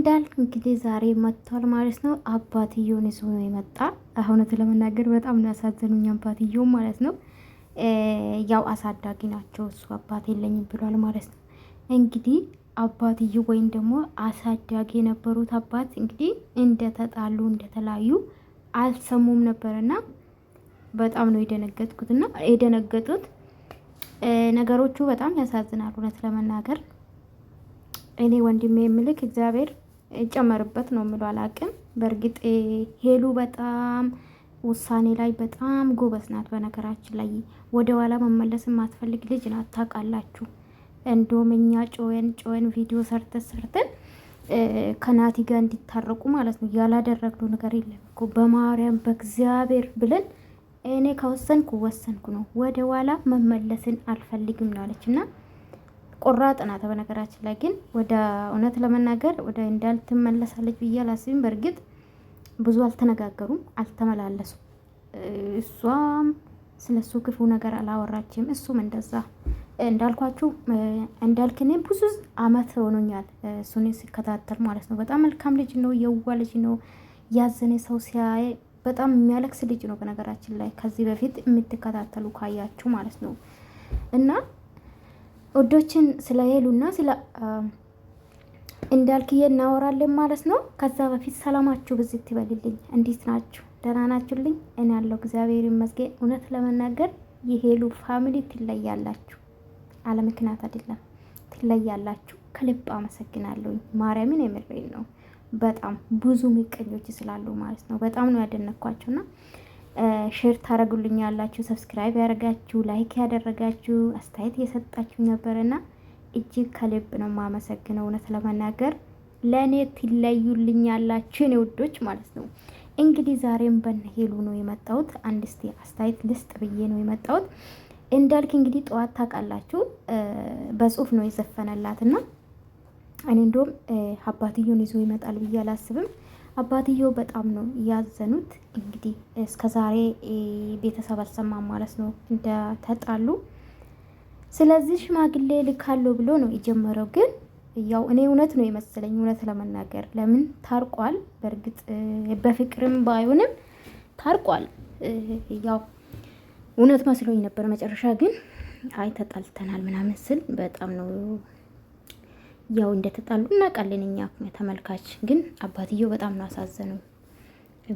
እንዳል እንግዲህ ዛሬ መጥቷል ማለት ነው። አባትየውን ይዞ ነው የመጣ። እውነት ለመናገር በጣም ነው ያሳዘኑኝ አባትየው ማለት ነው። ያው አሳዳጊ ናቸው። እሱ አባት የለኝም ብሏል ማለት ነው። እንግዲህ አባትየው ወይም ደግሞ አሳዳጊ የነበሩት አባት እንግዲህ እንደተጣሉ እንደተለያዩ አልሰሙም ነበርና በጣም ነው የደነገጥኩትና የደነገጡት ነገሮቹ በጣም ያሳዝናሉ እውነት ለመናገር እኔ ወንድሜ የምልክ እግዚአብሔር ጨመርበት ነው የምለው። አላቅም በእርግጥ ሄሉ በጣም ውሳኔ ላይ በጣም ጎበዝ ናት። በነገራችን ላይ ወደ ኋላ መመለስ የማትፈልግ ልጅ ናት፣ ታውቃላችሁ። እንዲሁም እኛ ጮወን ጮወን ቪዲዮ ሰርተን ሰርተን ከናቲ ጋር እንዲታረቁ ማለት ነው ያላደረግነው ነገር የለም እኮ በማርያም በእግዚአብሔር ብለን እኔ ከወሰንኩ ወሰንኩ ነው፣ ወደ ኋላ መመለስን አልፈልግም ነው አለች እና ቆራጥ ናት። በነገራችን ላይ ግን ወደ እውነት ለመናገር ወደ እንዳል ትመለሳለች ብዬ አላስብም። በእርግጥ ብዙ አልተነጋገሩም፣ አልተመላለሱም። እሷም ስለ እሱ ክፉ ነገር አላወራችም፣ እሱም እንደዛ እንዳልኳችሁ እንዳልክኔ ብዙ አመት ሆኖኛል እሱን ሲከታተል ማለት ነው። በጣም መልካም ልጅ ነው፣ የዋ ልጅ ነው። ያዘነ ሰው ሲያይ በጣም የሚያለቅስ ልጅ ነው። በነገራችን ላይ ከዚህ በፊት የምትከታተሉ ካያችሁ ማለት ነው እና ወዶችን ስለ ሄሉና ስለ እንዳልክዬ እናወራለን ማለት ነው። ከዛ በፊት ሰላማችሁ ብዝት ይበልልኝ። እንዴት ናችሁ? ደህና ናችሁልኝ? እኔ ያለው እግዚአብሔር ይመስገን። እውነት ለመናገር የሄሉ ፋሚሊ ትለያላችሁ፣ አለ ምክንያት አይደለም፣ ትለያላችሁ። ከልብ አመሰግናለሁ። ማርያምን የምሬን ነው። በጣም ብዙ ምቀኞች ስላሉ ማለት ነው። በጣም ነው ያደነኳቸውና ሼር ታደረጉልኝ ያላችሁ ሰብስክራይብ ያደረጋችሁ ላይክ ያደረጋችሁ አስተያየት እየሰጣችሁ ነበርና እጅግ ከልብ ነው የማመሰግነው። እውነት ለመናገር ለእኔ ትለዩልኝ ያላችሁ እኔ ውዶች ማለት ነው። እንግዲህ ዛሬም በነሄሉ ነው የመጣሁት። አንድ እስቲ አስተያየት ልስጥ ብዬ ነው የመጣሁት። እንዳልክ እንግዲህ ጠዋት ታውቃላችሁ በጽሁፍ ነው የዘፈነላትና እኔ እንዲሁም አባትዮን ይዞ ይመጣል ብዬ አላስብም አባትየው በጣም ነው ያዘኑት። እንግዲህ እስከዛሬ ቤተሰብ አልሰማም ማለት ነው እንደተጣሉ። ስለዚህ ሽማግሌ ልካለሁ ብሎ ነው የጀመረው። ግን ያው እኔ እውነት ነው የመሰለኝ እውነት ለመናገር ለምን ታርቋል። በእርግጥ በፍቅርም ባይሆንም ታርቋል። ያው እውነት መስሎኝ ነበር። መጨረሻ ግን አይ ተጣልተናል ምናምን ስል በጣም ነው ያው እንደተጣሉ እናውቃለን እኛ ተመልካች። ግን አባትየው በጣም ነው አሳዘነው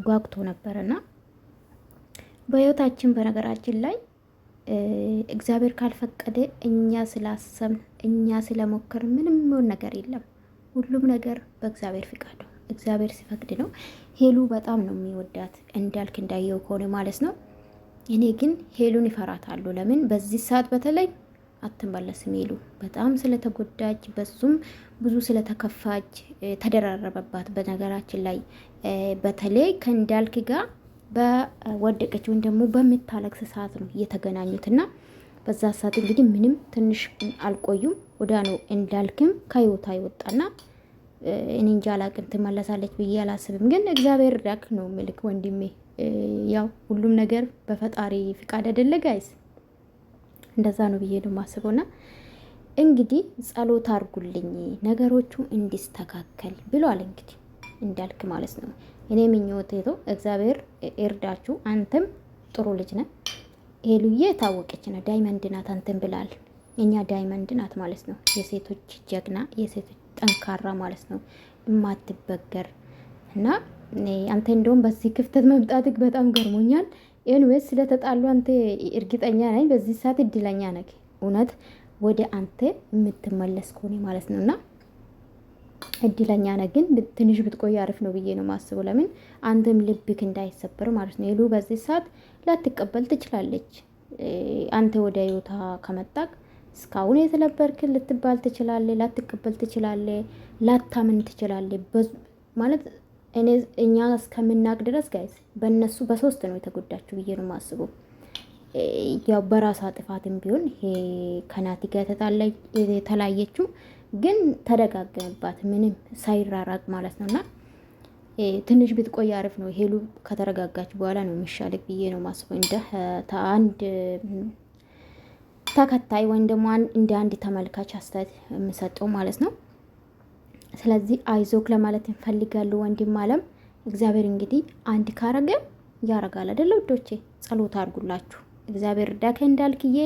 ጓጉቶ ነበርና በህይወታችን በነገራችን ላይ እግዚአብሔር ካልፈቀደ እኛ ስላሰብ እኛ ስለሞከር ምንም ነገር የለም። ሁሉም ነገር በእግዚአብሔር ፍቃድ ነው፣ እግዚአብሔር ሲፈቅድ ነው። ሄሉ በጣም ነው የሚወዳት እንዳልክ እንዳየው ከሆነ ማለት ነው። እኔ ግን ሄሉን ይፈራታሉ። ለምን በዚህ ሰዓት በተለይ አትመለስ የሚሉ በጣም ስለተጎዳች በሱም ብዙ ስለተከፋች ተደራረበባት። በነገራችን ላይ በተለይ ከእንዳልክ ጋር በወደቀች ወይም ደግሞ በምታለቅስ ሰዓት ነው እየተገናኙት እና በዛ ሰዓት እንግዲህ ምንም ትንሽ አልቆዩም። ወዳ ነው እንዳልክም ከህይወታ ይወጣና እኔ እንጃ አላቅም ትመለሳለች ብዬ አላስብም። ግን እግዚአብሔር ዳክ ነው ምልክ ወንድሜ፣ ያው ሁሉም ነገር በፈጣሪ ፍቃድ አይደለ ጋይስ እንደዛ ነው ብዬ ነው ማስበውና እንግዲህ ጸሎት አድርጉልኝ ነገሮቹ እንዲስተካከል ብሏል። እንግዲህ እንዳልክ ማለት ነው እኔ ምኞቴ ነው እግዚአብሔር እርዳችሁ። አንተም ጥሩ ልጅ ነህ። ሄሉዬ የታወቀች ነው ዳይመንድ ናት። አንተም ብላል እኛ ዳይመንድ ናት ማለት ነው። የሴቶች ጀግና፣ የሴቶች ጠንካራ ማለት ነው። የማትበገር እና አንተ እንደውም በዚህ ክፍተት መምጣትህ በጣም ገርሞኛል። ኤንዌስ ስለተጣሉ አንተ እርግጠኛ ነኝ በዚህ ሰዓት እድለኛ ነህ፣ እውነት ወደ አንተ የምትመለስ ከሆነ ማለት ነው እና እድለኛ ነህ። ግን ትንሽ ብትቆይ አሪፍ ነው ብዬ ነው ማስቡ። ለምን አንተም ልብክ እንዳይሰበር ማለት ነው። ሄሉ በዚህ ሰዓት ላትቀበል ትችላለች። አንተ ወደ ህይወታ ከመጣቅ እስካሁን የተለበርክ ልትባል ትችላለ፣ ላትቀበል ትችላለ፣ ላታምን ትችላለ ማለት እኔ እኛ እስከምናቅ ድረስ ጋይዝ በእነሱ በሶስት ነው የተጎዳችው ብዬ ነው ማስቡ። ያው በራሷ ጥፋትም ቢሆን ከናቲ ጋር የተለያየችው ግን ተደጋገመባት፣ ምንም ሳይራራቅ ማለት ነው። እና ትንሽ ብትቆይ አሪፍ ነው። ሄሉ ከተረጋጋች በኋላ ነው የሚሻል ብዬ ነው ማስቡ። እንደ አንድ ተከታይ ወይም ደግሞ እንደ አንድ ተመልካች አስተያየት የምሰጠው ማለት ነው። ስለዚህ አይዞክ ለማለት እንፈልጋለሁ ወንድም አለም። እግዚአብሔር እንግዲህ አንድ ካረገ ያረጋል አይደለ? ውዶቼ ጸሎት አድርጉላችሁ። እግዚአብሔር እርዳከ እንዳልክዬ